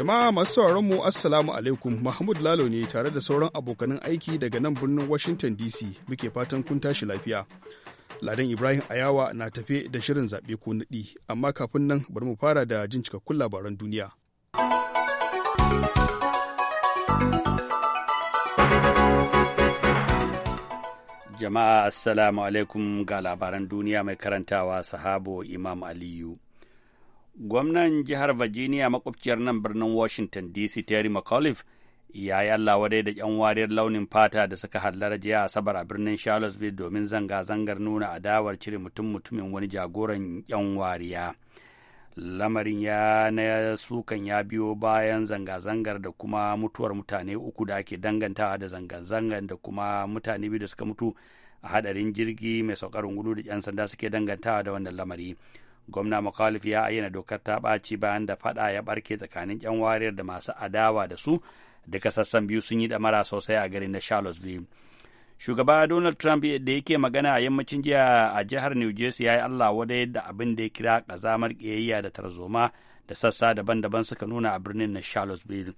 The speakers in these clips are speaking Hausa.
Jama'a masu sauraron mu Assalamu alaikum Mahmud Lalo ne tare da sauran abokanan aiki daga nan birnin Washington DC muke fatan kun tashi lafiya. Ladan Ibrahim Ayawa na tafe da shirin zaɓe ko naɗi, amma kafin nan bari mu fara da jin cikakkun labaran duniya. Jama'a Assalamu alaikum ga labaran duniya mai karantawa sahabo Imam Aliyu. gwamnan jihar virginia makwabciyar nan birnin washington dc terry mcauliffe ya yi allah wadai da yan wariyar launin fata da suka hallara jiya asabar a birnin charlottesville domin zanga-zangar nuna adawar cire mutum-mutumin wani jagoran yan wariya lamarin ya na sukan ya biyo bayan zanga-zangar da kuma mutuwar mutane uku da ake dangantawa da zanga-zangar da kuma mutane biyu da suka mutu a hadarin jirgi mai saukar gudu da 'yan sanda suke dangantawa da wannan lamari. gwamna mcauliffe ya ayyana dokar ta ɓaci bayan da faɗa ya ɓarke tsakanin 'yan wariyar da masu adawa da su duka sassan biyu sun yi ɗamara sosai a garin na charlottesville shugaba donald trump da yake magana a yammacin jiya a jihar new jersey ya yi allah wada yadda abin da ya kira ƙazamar ƙiyayya da tarzoma da sassa daban-daban suka nuna a birnin na charlottesville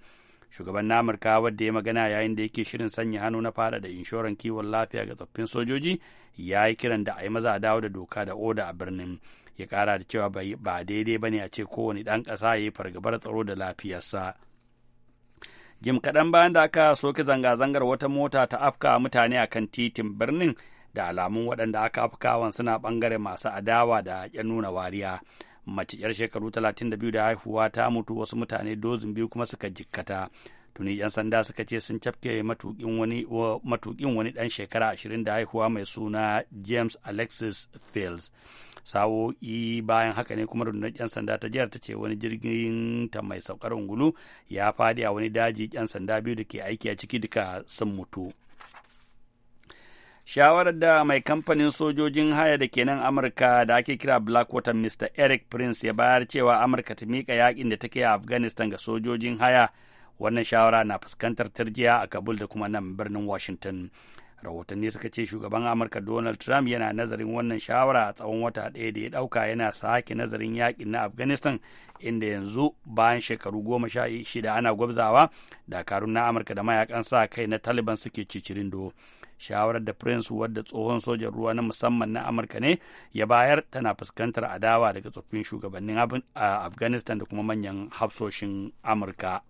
shugaban na amurka wadda ya magana yayin da yake shirin sanya hannu na fada da inshoran kiwon lafiya ga tsoffin sojoji ya yi kiran da a yi maza a dawo da doka da oda a birnin ya kara da cewa ba daidai ba ne a ce kowane ɗan ƙasa ya yi fargabar tsaro da lafiyarsa jim kaɗan bayan da aka soke zanga-zangar wata mota ta afka mutane a kan titin birnin da alamun waɗanda aka afkawan suna ɓangare masu adawa da ya nuna wariya mace 'yar shekaru 32 da haihuwa ta mutu wasu mutane dozin biyu kuma suka jikkata tuni 'yan sanda suka ce sun cafke matukin wani dan shekara ashirin da haihuwa mai suna james alexis fields sawo'i bayan haka ne kuma rundunar 'yan sanda ta jihar ta ce wani jirgin ta mai saukar ungulu ya fadi a wani daji 'yan sanda biyu da ke aiki a ciki duka sun mutu shawarar da mai kamfanin sojojin haya da ke nan amurka da ake kira blackwater mr eric prince ya bayar cewa amurka ta miƙa yakin da take a afghanistan ga sojojin haya wannan shawara na fuskantar tarjiya a kabul da kuma nan birnin washington rahotanni suka ce shugaban amurka donald trump yana nazarin wannan shawara a tsawon wata ɗaya da ya ɗauka yana sake nazarin yakin na afghanistan inda yanzu bayan shekaru goma sha shida ana gwabzawa dakarun na amurka da mayakan sa kai na taliban suke cicirindo shawarar da prince wadda tsohon sojan ruwa na musamman na amurka ne ya bayar tana fuskantar adawa daga tsoffin shugabannin afghanistan da kuma manyan hafsoshin amurka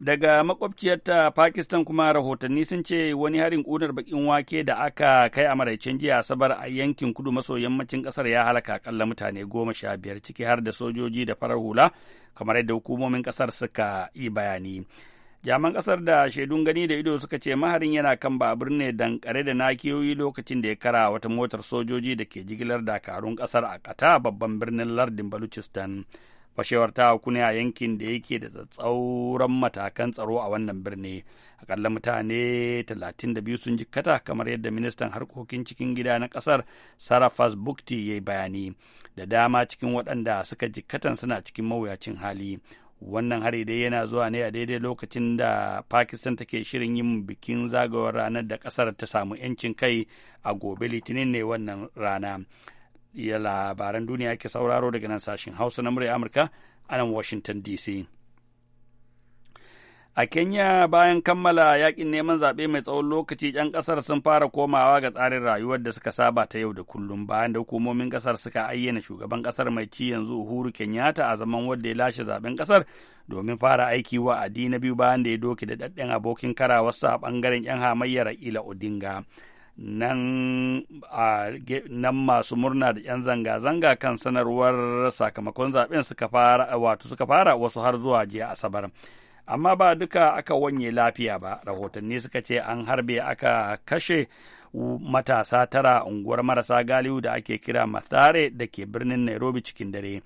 daga makwabciyarta pakistan kuma rahotanni sun ce wani harin kunar bakin wake da aka kai a maraicen jiya asabar a yankin kudu maso yammacin kasar ya halaka akalla mutane goma sha biyar ciki har da sojoji da farar hula kamar yadda hukumomin kasar suka yi bayani jaman kasar da shaidun gani da ido suka ce maharin yana kan babur ne dankare da nakiyoyi lokacin da ya kara wata motar sojoji da ke jigilar dakarun kasar a kata babban birnin lardin baluchistan fashewar ta ne a yankin da yake da tsatsauran matakan tsaro a wannan birni akalla mutane 32 sun jikkata kamar yadda ministan harkokin cikin gida na kasar sarafas bukti ya yi bayani da dama cikin waɗanda suka jikkatan suna cikin mawuyacin hali wannan hari dai yana zuwa ne a daidai lokacin da pakistan take shirin yin bikin zagawar ranar da kasar ta samu 'yancin kai a gobe litinin ne wannan rana ya labaran duniya ake sauraro daga nan sashen hausa na murya amurka a nan washington dc a kenya bayan kammala yakin neman zaɓe mai tsawon lokaci 'yan ƙasar sun fara komawa ga tsarin rayuwar da suka saba ta yau da kullum bayan da hukumomin ƙasar suka ayyana shugaban ƙasar mai ci yanzu uhuru kenyatta a zaman wadda ya lashe zaɓen ƙasar domin fara aiki wa na biyu bayan da ya doke da ɗaɗɗen abokin karawarsa a ɓangaren 'yan hamayyar ila odinga nan masu murna da 'yan zanga-zanga kan sanarwar sakamakon zaɓen suka fara wato suka fara wasu har zuwa jiya asabar amma ba duka aka wanye lafiya ba rahotanni suka ce an harbe aka kashe matasa tara unguwar marasa galihu da ake kira mathare da ke birnin nairobi cikin dare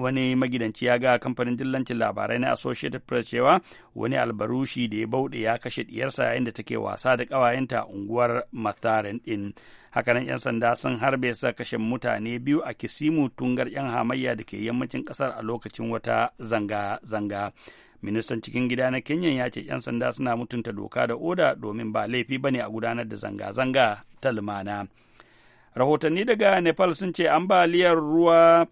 wani magidanci ya ga kamfanin dillancin labarai na associated press cewa wani albarushi da ya bauɗe ya kashe ɗiyarsa yayin da take wasa da ƙawayenta a unguwar matharin ɗin hakanan 'yan sanda sun harbe sa kashe mutane biyu a kisimu tungar 'yan hamayya da ke yammacin ƙasar a lokacin wata zanga-zanga ministan cikin gida na kenya ya ce 'yan sanda suna mutunta doka da oda domin ba laifi bane a gudanar da zanga-zanga ta lumana rahotanni daga nepal sun ce ambaliyar ruwa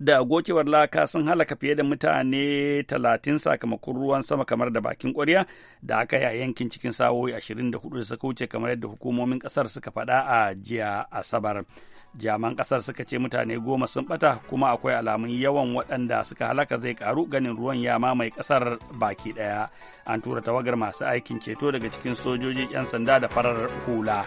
da gocewar laka sun halaka fiye da mutane talatin sakamakon ruwan sama kamar da bakin ƙwarya da aka yi a yankin cikin sawoyi ashirin da hudu da suka wuce kamar yadda hukumomin ƙasar suka faɗa a jiya asabar jaman ƙasar suka ce mutane goma sun ɓata kuma akwai alamun yawan waɗanda suka halaka zai karu ganin ruwan ya mamaye ƙasar baki ɗaya an tura tawagar masu aikin ceto daga cikin sojojin 'yan sanda da farar hula.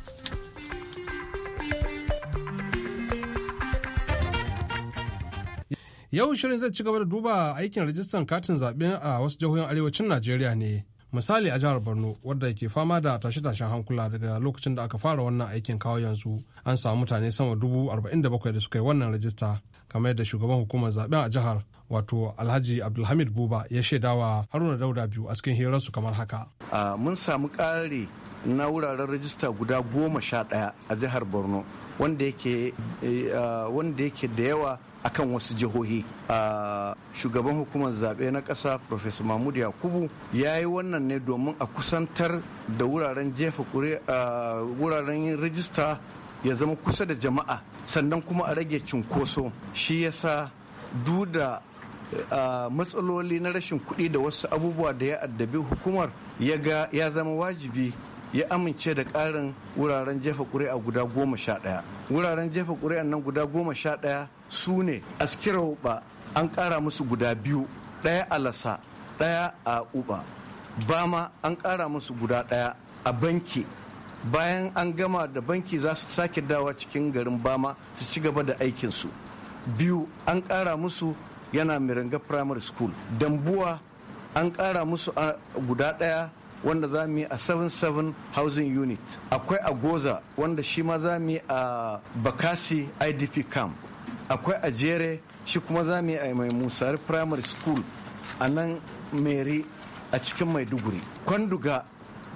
Yau shirin zai ci gaba da duba aikin rajistan katin zaɓe a wasu jihohin arewacin Najeriya ne. Misali a jihar Borno wadda ke fama da tashe-tashen hankula daga lokacin da aka fara wannan aikin kawo yanzu an samu mutane sama dubu arba'in da bakwai da suka yi wannan rajista kamar yadda shugaban hukumar zaɓen a jihar wato alhaji abdulhamid buba ya shaidawa haruna dauda biyu a cikin hirarsu kamar haka. mun samu ƙari na wuraren rajista guda goma sha ɗaya a jihar borno wanda yake eh, da yawa akan wasu jihohi a shugaban hukumar zaɓe na ƙasa professor mahmud yakubu ya yi wannan ne domin a kusantar da wuraren jefa wuraren rijista ya zama kusa da jama'a sannan kuma a rage cunkoso shi ya yasa duda matsaloli na rashin kuɗi da wasu abubuwa da ya addabi hukumar ya zama wajibi ya amince da ƙarin wuraren jefa ƙuri'a guda goma sha ɗaya wuraren jefa ƙuri'an nan guda goma sha ɗaya su ne askira uba an ƙara musu guda biyu ɗaya a lasa ɗaya a uba bama an ƙara musu guda ɗaya a banki bayan an gama da banki za su sake dawa cikin garin bama su ci gaba da aikinsu biyu an ƙara musu yana miringa primary school dambuwa an ƙara musu guda ɗaya wanda za mu yi a 77 housing unit akwai a goza wanda shi ma za mu yi a bakasi idp camp akwai a jere shi kuma za mu yi a mai musari primary school a nan meri a cikin maiduguri kwanduga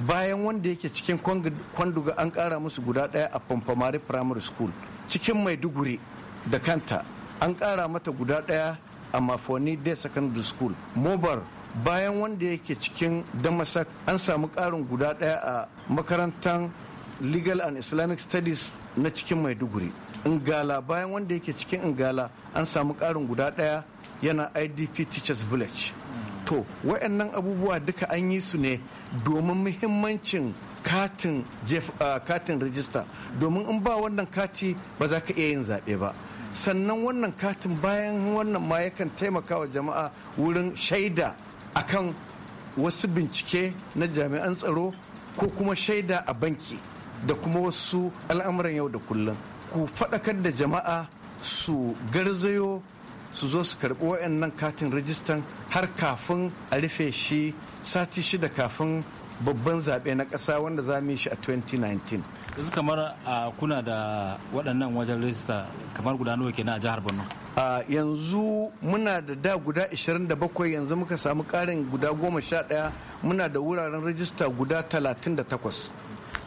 bayan wanda yake cikin kwanduga an kara musu guda daya a pampamari primary school cikin maiduguri da kanta an kara mata guda daya a mafoni day secondary school mobar bayan wanda yake cikin damasak an samu karin guda ɗaya a makarantar legal and islamic studies na cikin maiduguri ingala bayan wanda yake cikin ingala an samu ƙarin guda ɗaya yana idp teachers village to wayannan abubuwa duka an yi su ne domin muhimmancin katin jef katin rajista domin in ba wannan kati ba za ka iya yin zaɓe ba sannan wannan katin bayan wannan ma yakan taimaka wa jama'a wurin shaida akan wasu bincike na jami'an tsaro ko kuma shaida a banki da kuma wasu al'amuran yau da kullum ku faɗakar da jama'a su garzayo su zo su karɓi waannan katin rajistan har kafin a rufe shi sati shida kafin babban zaɓe na ƙasa wanda za mu yi shi a 2019 yanzu kamar kuna da waɗannan wajen rajista kamar guda nawa kenan a jihar borno yanzu muna da da guda 27 yanzu muka samu karin guda 11 muna da wuraren rajista guda 38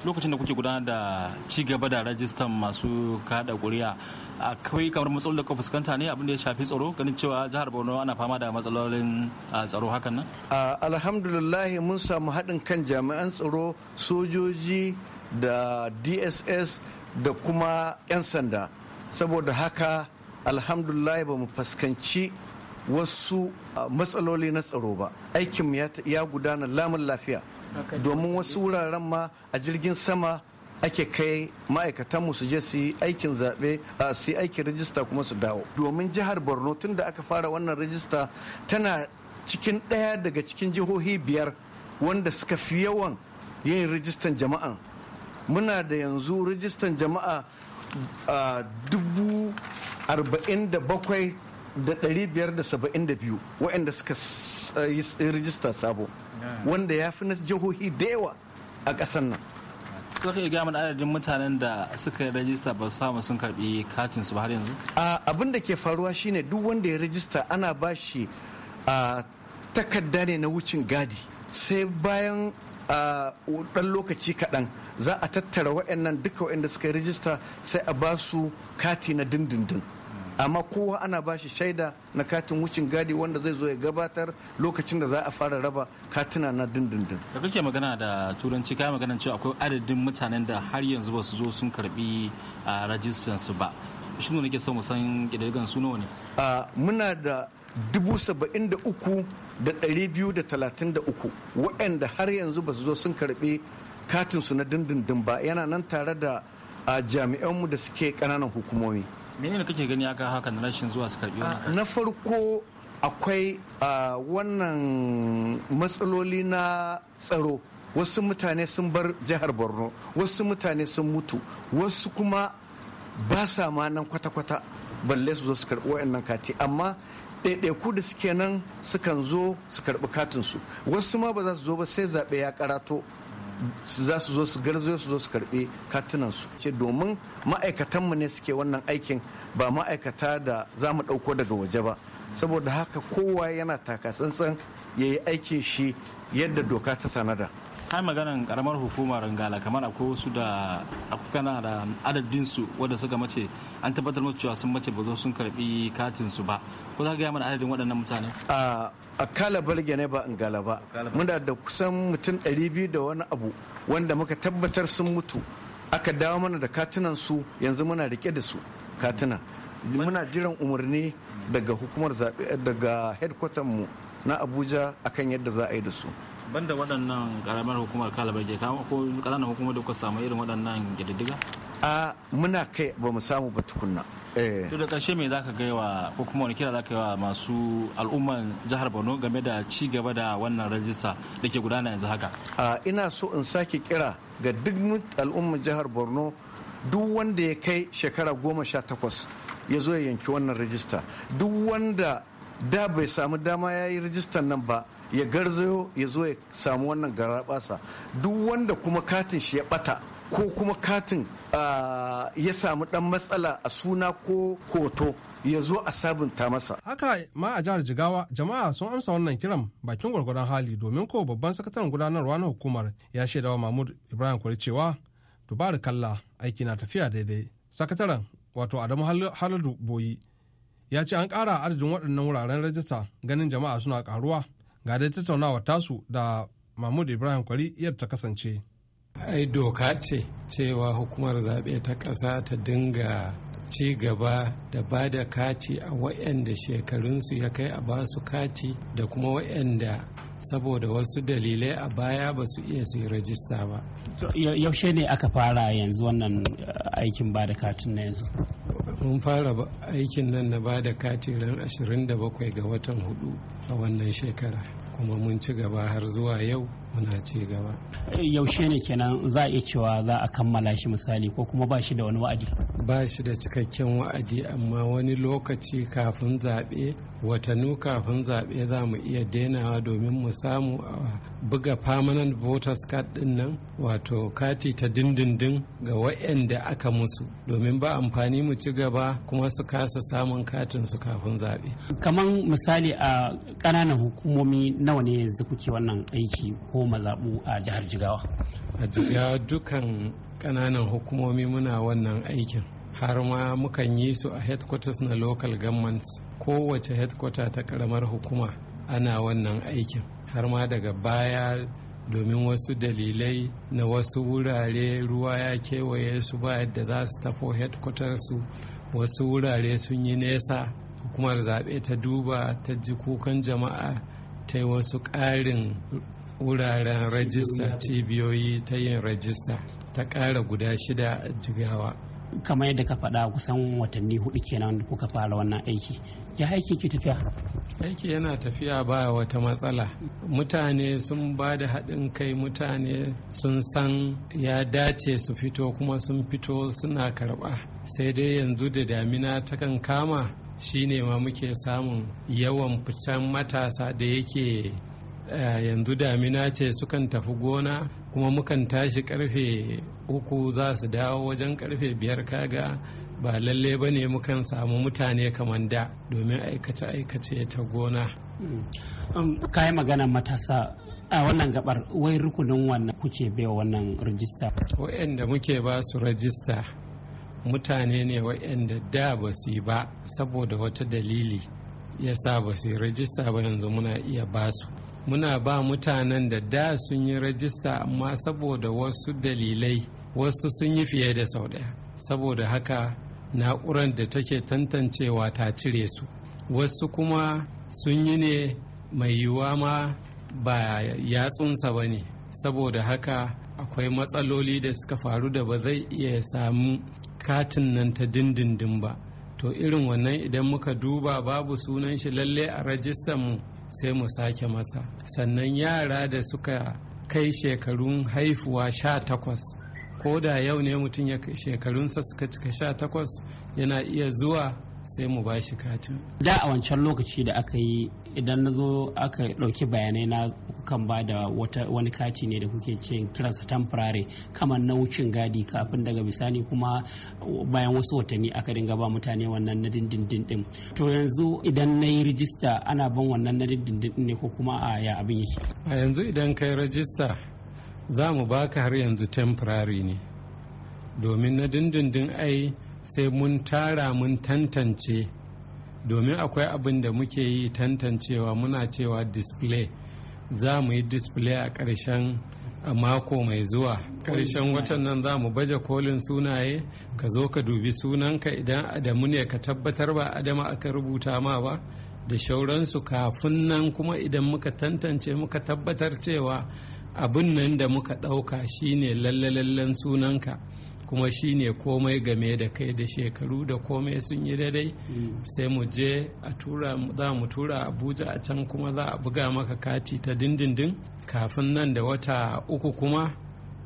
lokacin da kuke gudanar da ci gaba da rajistan masu kada kuri'a akwai kamar matsalolin da ka fuskanta ne abin da ya shafi tsaro ganin cewa jihar borno ana fama da matsalolin tsaro hakan nan alhamdulillah mun samu haɗin kan jami'an tsaro sojoji da dss da kuma 'yan sanda saboda haka alhamdulillah ba mu fuskanci wasu ah, matsaloli na tsaro ba Aikinmu ya gudana lamun lafiya domin wasu wuraren ma a jirgin sama ake kai ma'aikatanmu su je su yi aikin zaɓe ah, su aikin rajista kuma su dawo domin jihar borno tun da aka fara wannan rajista tana cikin ɗaya daga cikin jihohi biyar wanda suka fi yawan yin rajistan jama'a muna da yanzu rajistan jama'a Ah, dubu arba'in da bakwai da ɗari biyar da saba'in da biyu waɗanda suka eh, yi rijista sabo wanda ya fi na jihohi da yawa a ƙasar nan suka kai gama adadin mutanen da suka yi rajista ba samu sun karbi katin su ba har yanzu abin da ke faruwa shine duk wanda ya rajista ana ba shi ah, takarda ne na wucin gadi sai bayan a ɗan lokaci kaɗan za a tattara waɗannan duka waɗanda suka rijista sai a ba su kati na dindindin amma kowa ana ba shi shaida na katin wucin gadi wanda zai zo ya gabatar lokacin da za a fara raba katina na dindindin da kake magana da turanci kai magana cewa akwai adadin mutanen da har yanzu ba su zo sun karbi a ba shi ne nake son mu san kididdigan su nawa ne muna da 73,233 waɗanda har yanzu ba su zo sun karɓi katinsu na dindindin ba yana nan tare da jami'anmu da suke ƙananan hukumomi. menene kake gani aka haka na rashin zuwa su karɓi wannan na farko akwai wannan matsaloli na tsaro wasu mutane sun bar jihar borno wasu mutane sun mutu wasu kuma ba sa ma nan kwata-kwata balle su zo su karɓi wa'annan kati amma ɗaiɗaiku da suke nan sukan zo su karɓi katinsu wasu ma ba za su zo ba sai zaɓe ya karato za su zo su garzo su zo su karɓi katunansu ce domin ma'aikatanmu ne suke wannan aikin ba ma'aikata da za mu ɗauko daga waje ba saboda haka kowa yana taka tsantsan ya yi aikin shi yadda doka ta tanada kai maganan karamar hukumar gala kamar akwai wasu da akwai kana da adadin su wanda suka mace an tabbatar musu cewa sun mace ba zo sun karbi katin su ba ko za ka gaya mana adadin waɗannan mutane a kala balge ne ba in gala ba muna da kusan mutum 200 da wani abu wanda muka tabbatar sun mutu aka dawo mana da katunan su yanzu muna rike da su katuna muna jiran umarni daga hukumar zaɓe daga headquarter mu na abuja akan yadda za a yi da su banda waɗannan karamar hukumar kalabar ke kama ko ƙananan hukumar da kuka samu irin waɗannan gididdiga a muna kai ba mu samu ba tukunna eh. to da ƙarshe me za ka gaya wa ko kuma wani kira za ka yi wa masu al'umman jihar borno game da ci gaba da wannan rajista da ke gudana yanzu haka ina so in sake kira ga duk al'umman jihar borno duk wanda ya kai shekara goma sha takwas ya zo ya yanki wannan rajista duk wanda da bai samu dama ya yi rajistan nan ba ya garzayo ya zo ya samu wannan garabasa duk wanda kuma katin shi ya bata ko kuma katin ya samu dan matsala a suna ko hoto ya zo a sabunta masa. Haka ma a jihar Jigawa jama'a sun amsa wannan kiran bakin gwargwadon hali domin ko babban sakataren gudanarwa na hukumar ya shaidawa Mahmud Ibrahim Kwari cewa tubaru kalla aiki na tafiya daidai. Sakataren wato Adamu Haladu Boyi ya ce an ƙara adadin waɗannan wuraren rajista ganin jama'a suna karuwa. ga dai tattaunawa tasu da mahmud ibrahim kwari yadda ta kasance ai doka ce cewa hukumar zaɓe ta ƙasa ta dinga ci gaba da ba da kati a waɗanda shekarunsu ya kai a basu kati da kuma waɗanda saboda wasu dalilai a baya ba su iya su yi rajista ba yaushe ne aka fara yanzu wannan eh, aikin ba da katin na yanzu mun fara aikin nan na ba da katin ran 27 ga watan hudu a wannan shekara kuma mun ci gaba har zuwa yau muna ci gaba yaushe ne kenan za a iya cewa za a kammala shi misali ko kuma ba shi da wani wa'adi ba shi da cikakken wa'adi amma wani lokaci kafin zaɓe watannu kafin zaɓe za mu iya denawa domin mu samu a buga permanent voters card din nan wato kati ta dindindin ga wayanda aka musu domin ba amfani mu ci gaba kuma su kasa samun katin su kafin zaɓe. Kamar misali a ƙananan hukumomi nawa ne yanzu kuke wannan aiki ko mazaɓu a jihar jigawa a jigawa dukan ƙananan hukumomi muna wannan aikin har ma mukan yi su a headquarters na local governments kowace headquarter ta karamar hukuma ana wannan aikin har ma daga baya domin wasu dalilai na wasu wurare ruwa ya kewaye su ba yadda za su tafo headquarters su wasu wurare sun yi nesa hukumar zaɓe ta duba ta ji kukan jama'a ta yi wasu ƙarin wuraren rajista cibiyoyi ta yin rajista ta ƙara guda shida a jigawa kamar yadda ka faɗa kusan watanni hudu kenan kuka fara wannan aiki ya aiki ke tafiya aiki yana tafiya ba wata matsala mutane sun ba da haɗin kai mutane sun san ya dace su fito kuma sun fito suna karɓa sai dai yanzu da damina ta kan kama shine ma muke samun yawan fitan matasa da yake eh, yanzu damina ce sukan tafi gona kuma mukan tashi karfe uku za su dawo wajen karfe biyar kaga ba lalle ba ne mukan samu mutane kamar da domin aikace-aikace ta gona mm. um, kayan magana matasa a wannan gabar wai rukunin wannan kuke baiwa wannan rajista wa'anda muke ba su rajista mutane ne wa'anda da ba su yi ba saboda wata dalili ya sa ba su yi rajista ba yanzu muna iya ba su muna ba mutanen da da sun yi rajista amma saboda wasu dalilai wasu sun yi fiye da sau daya saboda haka na'urar da take tantancewa ta cire su wasu kuma sun yi ne mai yiwuwa ma ba yatsunsa ba ne saboda haka akwai matsaloli da suka faru da ba zai iya samu katin nan ta dindindin ba to irin wannan idan muka duba babu sunan shi lalle a rajistan mu sai mu sake masa sannan yara da suka kai shekarun haifuwa sha takwas ko da yau ne mutum ya shekarunsa suka cika sha takwas yana iya zuwa sai mu ba shi katin da a wancan lokaci da aka yi idan na zo aka ɗauki bayanai na kan ba da wani kati ne da kuke ce kiransa temporary kamar na wucin gadi kafin daga bisani kuma bayan wasu watanni aka dinga ba mutane wannan na dindindin din to yanzu idan na yi rijista ana ban wannan na dindindin ne ko kuma a ya abin yake a yanzu idan kai rijista. za mu baka har yanzu temporary ne domin na dindindin ai sai mun tara mun tantance domin akwai abin da muke yi tantancewa muna cewa display za mu yi display a ƙarshen mako mai zuwa ƙarshen watan nan za mu baje kolin sunaye ka zo ka dubi sunanka idan adamu ne ka tabbatar ba adama aka rubuta ma ba da shauransu kafin nan kuma idan muka tantance muka tabbatar cewa abin nan da muka ɗauka shine lallen sunanka kuma shine komai game da kai da shekaru da komai sun yi daidai mm. sai mu je a tura za mu tura abuja a can kuma za a buga maka kati ta dindindin kafin nan da wata uku kuma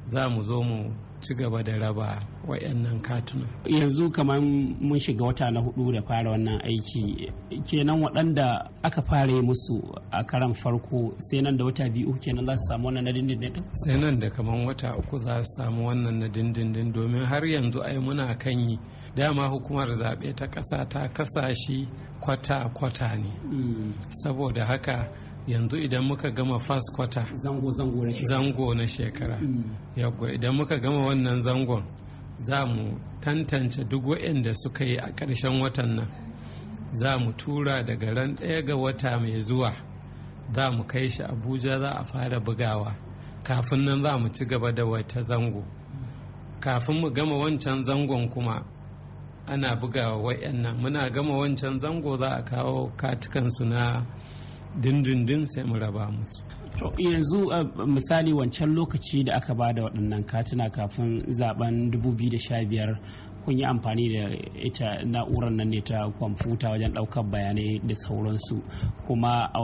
za mu zo mu ci gaba da raba wayannan katuna. yanzu kamar mun shiga wata na hudu da fara wannan aiki kenan waɗanda aka fara musu a karan farko sai nan da wata biyu kenan za su samu wannan na dindindin sai nan da kamar wata uku za su samu wannan na dindindin domin har yanzu ai muna kan yi dama hukumar zaɓe ta ƙasa ta ƙasashe kwata-kwata ne mm. saboda haka yanzu idan muka gama first quarter zango na shekara yaggo mm. idan muka gama wannan zangon za mu tantance duk waɗanda suka yi a ƙarshen watan nan za mu tura daga ran ɗaya ga wata mai zuwa za mu kai shi abuja za a fara bugawa kafin nan za mu ci gaba da wata zango kafin mu gama wancan zangon kuma ana bugawa waɗannan muna gama wancan zango za a kawo katukansu na dindindin sai mu raba musu to yanzu misali wancan lokaci da aka ba da waɗannan katina kafin zaben 2015 kun yi amfani da ita na'urar nan ne ta kwamfuta wajen ɗaukar bayanai da sauransu kuma a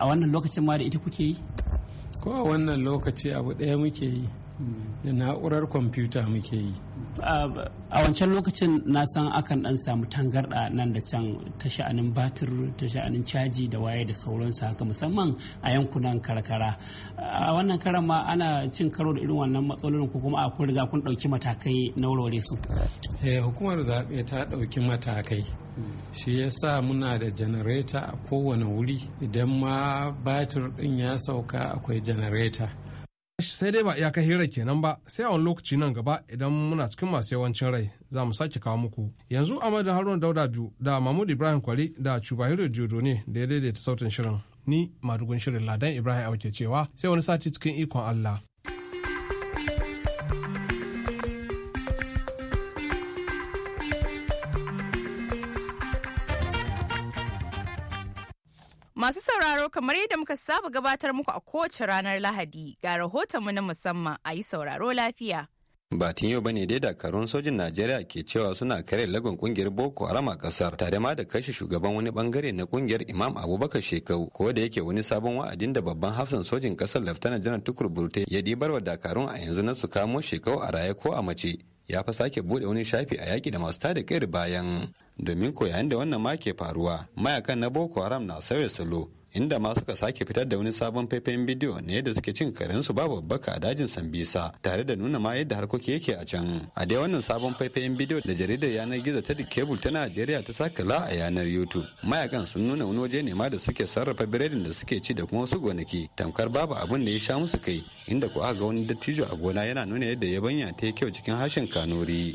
wannan lokacin ma da ita kuke yi ko a wannan lokaci abu ɗaya muke yi da na'urar kwamfuta muke yi a wancan lokacin na san akan dan samu tangarɗa nan da can ta sha'anin batir ta sha'anin caji da waye da sauransu haka musamman a yankunan karkara a wannan karan ma ana cin karo da irin wannan matsalolin ko kuma akwai riga kun ɗauki matakai na wurare su eh, hukumar zaɓe ta ɗauki matakai shi ya sa muna da janareta a kowane wuri idan ma batir ɗin ya sauka akwai janareta sai dai ba iyakar hirar kenan ba sai a wani lokaci nan gaba idan muna cikin masu yawancin rai za mu sake kawo muku yanzu amadu haruna dauda biyu da mahmud ibrahim kwari da cubahiro jodo ne da ya daidaita sautin shirin ni madugun shirin ladan ibrahim auke cewa sai wani sati cikin ikon allah sauraro kamar yadda muka saba gabatar muku a kowace ranar Lahadi ga mu na musamman a yi sauraro lafiya. Batin yau bane dai dakarun sojin Najeriya ke cewa suna kare lagon kungiyar Boko Haram a kasar tare ma da kashe shugaban wani bangare na kungiyar Imam Abubakar Shekau ko da yake wani sabon wa'adin da babban hafsan sojin kasar Laftana Janar Tukur Burte ya wa dakarun a yanzu na su kamo Shekau a raye ko a mace. ya fa sake bude wani shafi a yaki da masu tada kai bayan domin ko yayin da wannan ma ke faruwa mayakan na boko haram na sauya salo inda ma suka sake fitar da wani sabon faifayin bidiyo ne da suke cin karensu babu babbaka a dajin sambisa tare da nuna ma yadda harkoki yake a can a dai wannan sabon faifayen bidiyo da jaridar yanar gizo ta kebul ta najeriya ta saka la a yanar youtube mayakan sun nuna wani waje ne ma da suke sarrafa biredin da suke ci da kuma wasu gonaki tamkar babu abin da ya sha musu kai inda ko aka ga wani dattijo a gona yana nuna yadda yabanya ta yi kyau cikin hashin kanuri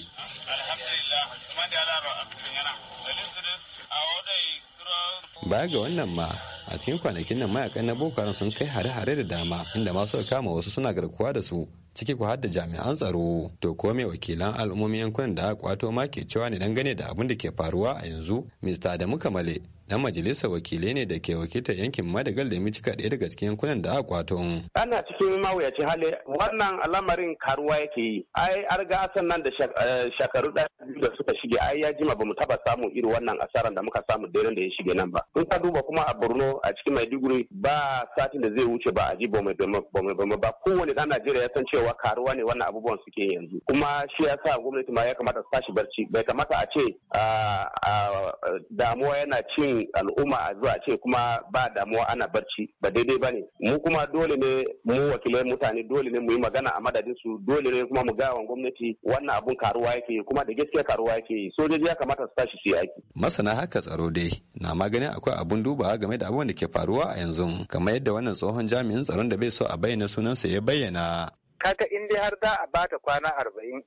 baya ga wannan ma a cikin kwanakin nan mayakan na boko haram sun kai hare-hare da dama inda masu kama wasu suna garkuwa da su ciki ku da jami'an tsaro to ko me wakilan al'ummomin yankunan da aka kwato ma ke cewa ne dangane da abin da ke faruwa a yanzu mr adamu kamale dan majalisar wakilai ne da ke wakilta yankin madagal da mitika ɗaya daga cikin yankunan da aka kwato. ana cikin mawuyaci hali wannan al'amarin karuwa yake yi ai an riga asan nan da eh, shekaru biyu da suka shige ai ya jima bamu taba samu irin wannan asaran da muka samu daren da ya shige nan ba in ka duba kuma a borno a cikin maiduguri ba satin da zai wuce ba a ji bome bome ba kowane dan najeriya ya san cewa karuwa ne wannan abubuwan suke yanzu kuma shi ya sa gwamnati ma ya kamata su tashi barci bai kamata a ce ah, ah, damuwa yana cin al'umma a zuwa ce kuma ba damuwa ana barci ba daidai ba ne mu kuma dole ne mu wakilai mutane dole ne mu yi magana a madadin su dole ne kuma mu gawa gwamnati wannan abun karuwa yake kuma da gaskiya karuwa yake sojoji ya kamata su tashi su yi aiki. masana haka tsaro dai na maganin akwai abun dubawa game da abun da ke faruwa a yanzu kamar yadda wannan tsohon jami'in tsaron da bai so a bayyana sunansa ya bayyana. kaka in dai har za a bata kwana arba'in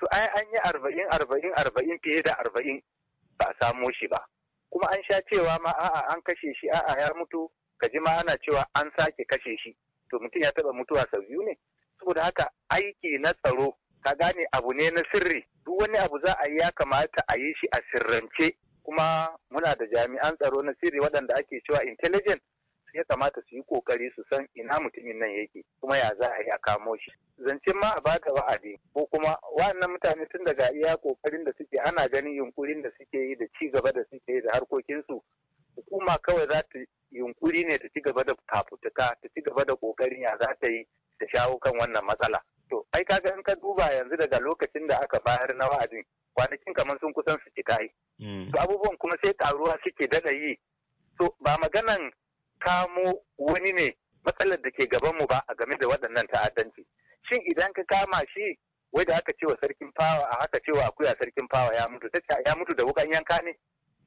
to ai an yi arba'in arba'in arba'in fiye da arba'in ba a samo shi ba kuma an sha cewa ma a'a an kashe shi a'a ya mutu ka ma ana cewa an sake kashe shi to mutum ya taba mutuwa sau biyu ne saboda haka aiki na tsaro ka gane abu ne na sirri duk wani abu za a yi ya kamata a yi shi a sirrance kuma muna da jami'an tsaro na sirri waɗanda ake cewa intelligent ya kamata su yi kokari su san ina mutumin nan yake kuma ya za a yi a kamo shi zancen ma a baka wa'adi ko kuma wannan mutane tun daga iya kokarin da suke ana ganin yunkurin da suke yi da ci gaba da suke yi da harkokinsu hukuma kawai za ta yunkuri ne ta ci gaba da fafutuka ta ci gaba da kokarin ya za ta yi ta shawo kan wannan matsala to ai kaga in ka duba yanzu daga lokacin da aka bayar na wa'adin kwanakin kamar sun kusan su cika yi. Hmm. abubuwan kuma sai karuwa suke daɗa yi. So ba maganan kamo wani ne matsalar da ke gabanmu ba a game da waɗannan ta'addanci shin idan ka kama shi wai da aka cewa sarkin fawa a haka cewa akuya sarkin fawa ya mutu ya mutu da wukan yanka ne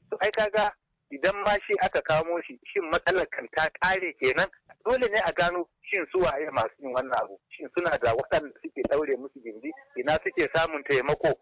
to ai kaga idan ma shi aka kamo shi shin matsalar kan ta ƙare kenan dole ne a gano shin su waye masu yin wannan abu shin suna da waɗanda suke ɗaure musu gindi ina suke samun taimako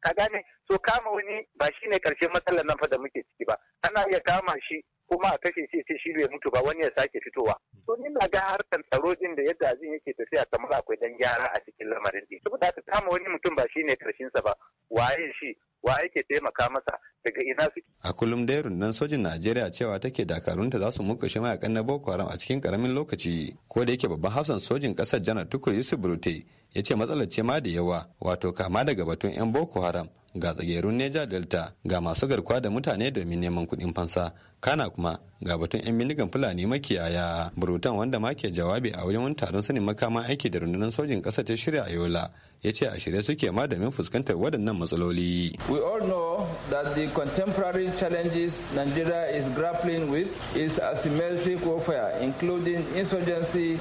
ka gane so kama wani ba shi ne ƙarshen matsalar nan fa da muke ciki ba ana iya kama shi kuma a kashe shi ce shi bai mutu ba wani ya sake fitowa to ni na ga harkan tsaro din da yadda azin yake tafiya kamar akwai dan gyara a cikin lamarin din saboda ta kama wani mutum ba shine karshen sa ba waye shi wa yake taimaka masa daga ina suke a kullum dai rundunar sojin Najeriya cewa take dakarunta za su shi mayakan na Boko Haram a cikin karamin lokaci ko da yake babban hafsan sojin ƙasar janar Tukur Yusuf Burute ya ce matsalar ce ma da yawa wato kama daga batun 'yan boko haram ga tsagerun neja delta ga masu garkuwa da mutane domin neman kuɗin fansa kana kuma ga batun 'yan minigan fulani makiyaya burutan wanda ma ke jawabi a wajen wani taron sanin makaman aiki da rundunar sojin ƙasa ta shirya a yola ya ce a shirye suke ma domin fuskantar waɗannan matsaloli we all know that the contemporary challenges nigeria is grappling with is asymmetric warfare including insurgency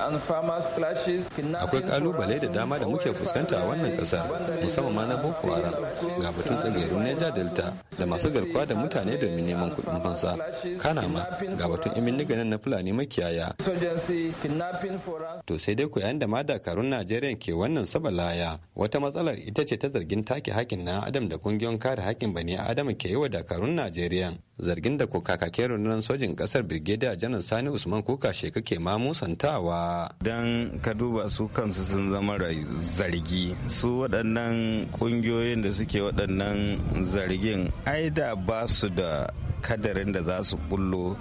and farmers clashes kalubale da dama da muke fuskanta a wannan kasar musamman ma na boko haram ga batun tsagerun neja delta da masu garkuwa da mutane domin neman kudin fansa kana ma ga batun imin niganin na fulani makiyaya to sai dai ku yayin da ma dakarun najeriya ke wannan sabalaya wata matsalar ita ce ta zargin take hakin na adam da kungiyoyin kare hakin bani adam ke yi wa dakarun najeriya zargin da ko kake rundunar sojin kasar birgediya janar sani usman kuka sheka ke ma musantawa dan ka duba su kansu sun zama zargi su waɗannan ƙungiyoyin da suke waɗannan zargin ai da ba su da kadarin da za su bullo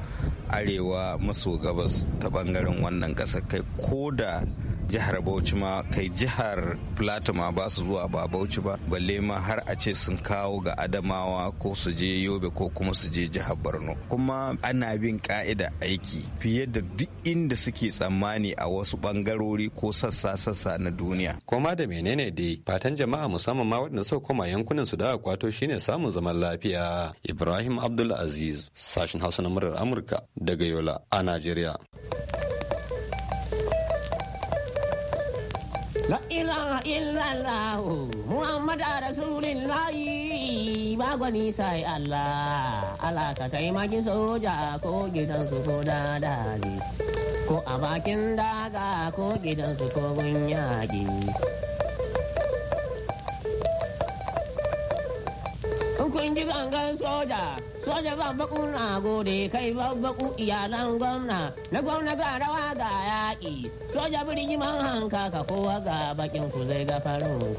arewa maso gabas ta bangaren wannan kasa kai ko da jihar bauchi ma kai jihar plateau ma ba su zuwa ba bauchi ba balle ma har a ce sun kawo ga adamawa ko su je yobe ko kuma su je jihar borno kuma ana bin ka'ida aiki fiye da duk inda suke tsammani a wasu bangarori ko sassa-sassa na duniya koma da menene dai fatan jama'a musamman ma waɗanda suka koma yankunan su da kwato shine samun zaman lafiya ibrahim abdul aziz sashen hausa na murar amurka daga yola a najeriya La ilaha illallah Muhammad Rasulullah ba gwani sai Allah Allah ka taimaki soja ko gidan su ko dadali ko a bakin daga ko gidan su ko gun kun ji gangan soja, soja ba baku na gode kai ban baku iyalan gwamna, na gwamna ga rawa ga yaƙi, soja birni man hanka ka kowa ga bakin ku zai ga farin ku.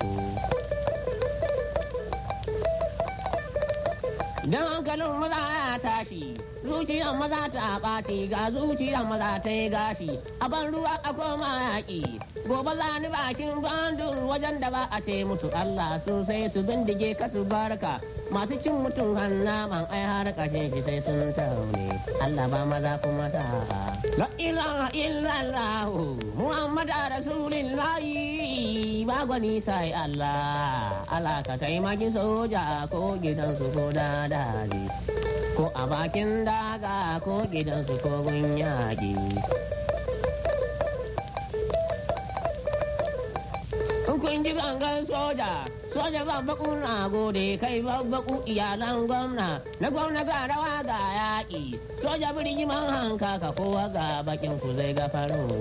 Dan hankalin maza ya tashi, zuciyar maza ta ɓaci ga zuciyar maza ta yi gashi, a ban ruwa a koma yaƙi, gobe za ni bakin bandun wajen da ba a ce musu Allah sosai su bindige ka su barka. masu cin mutum man ai har kashe shi sai sun taune Allah ba maza kuma sa la ilaha illallah muhammad rasulullah ba gwani sai Allah Allah ka maki soja ko gidan su ko dadaji ko a bakin daga ko gidan su ko gun kun ji soja soja ban baku na gode kai ban baku iyalan gwamna na gwamna ga rawa ga yaƙi soja birni man hanka ka kowa ga bakin ku zai ga farin ku.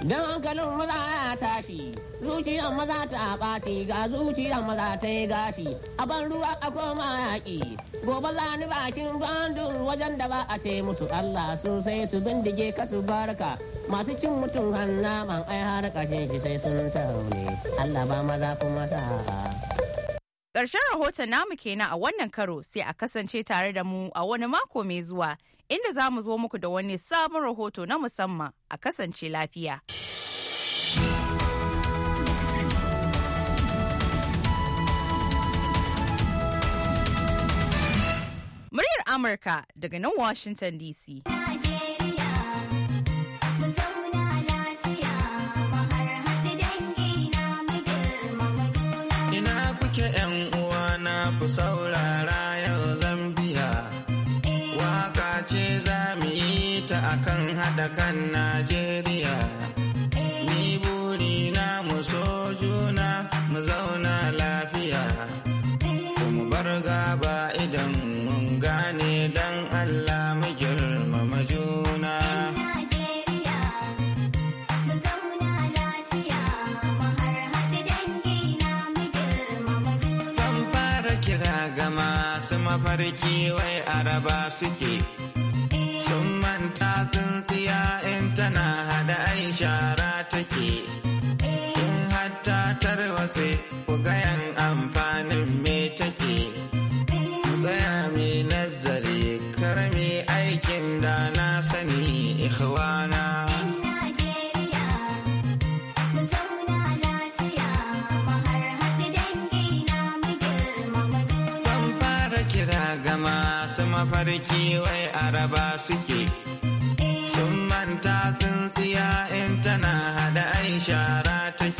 Dankalin maza ya tashi, zuciyar maza ta ɓaci ga zuciyar maza ta yi gashi, a ban ruwa a koma yaƙi. Gobe za ni bakin bandun wajen da ba a ce musu Allah sosai su bindige ka su barka. Masu cin mutum hanna man ai har shi sai sun taune. Allah ba maza kuma sa'a. Ƙarshen rahoton namu kenan a wannan karo sai a kasance tare da mu a wani mako mai zuwa inda za mu zo muku da wani sabon rahoto na musamman a kasance lafiya. Muryar Amurka daga nan Washington DC. haɗa kan Najeriya. Ni buri na mu so juna mu zauna. mafarki wai araba suke sun manta sun siya in tana hada aishara take